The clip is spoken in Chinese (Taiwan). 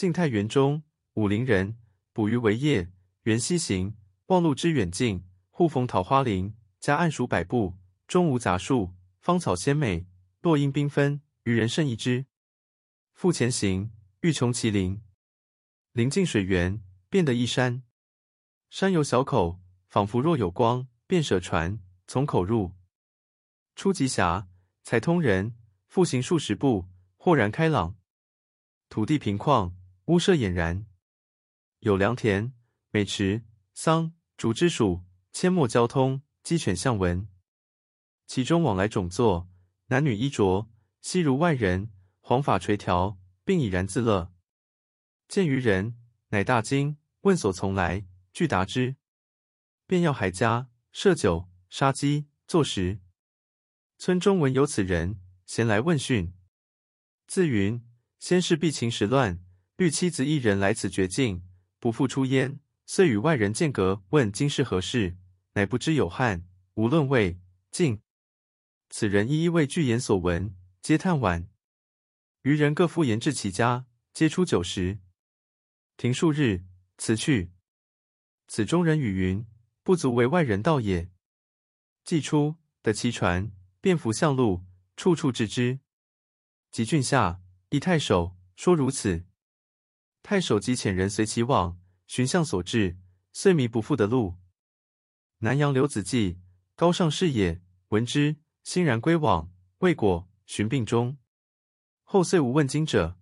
晉太元中，武陵人捕魚為業。緣溪行，忘路之遠近。忽逢桃花林，夾岸數百步，中無雜樹，芳草鮮美，落英繽紛，漁人甚異之。復前行，欲窮其林。林盡水源，便得一山，山有小口，仿佛若有光，便舍船，從口入。初極狹，才通人。復行數十步，豁然開朗。土地平曠。屋舍儼然，有良田、美池、桑、竹之屬。阡陌交通，雞犬相聞。其中往來種作，男女衣着，悉如外人。黃髮垂髫，並佁然自樂。見漁人，乃大驚，問所從來，具答之。便要還家，設酒殺雞作食。村中聞有此人，咸來問訊。自云先世避秦時亂。欲妻子一人來此絕境，不復出焉，遂與外人間隔。問今是何世？乃不知有漢，無論魏晉。此人一一為具言所聞，皆嘆惋。餘人各復延至其家，皆出酒食。停數日，辭去。此中人語云：“不足為外人道也。”既出，得其船，便扶向路，處處志之。及郡下，詣太守，說如此。太守即遣人隨其往，尋向所誌，遂迷，不復得路。南陽劉子驥，高尚士也，聞之，欣然規往，未果，尋病終。後遂無問津者。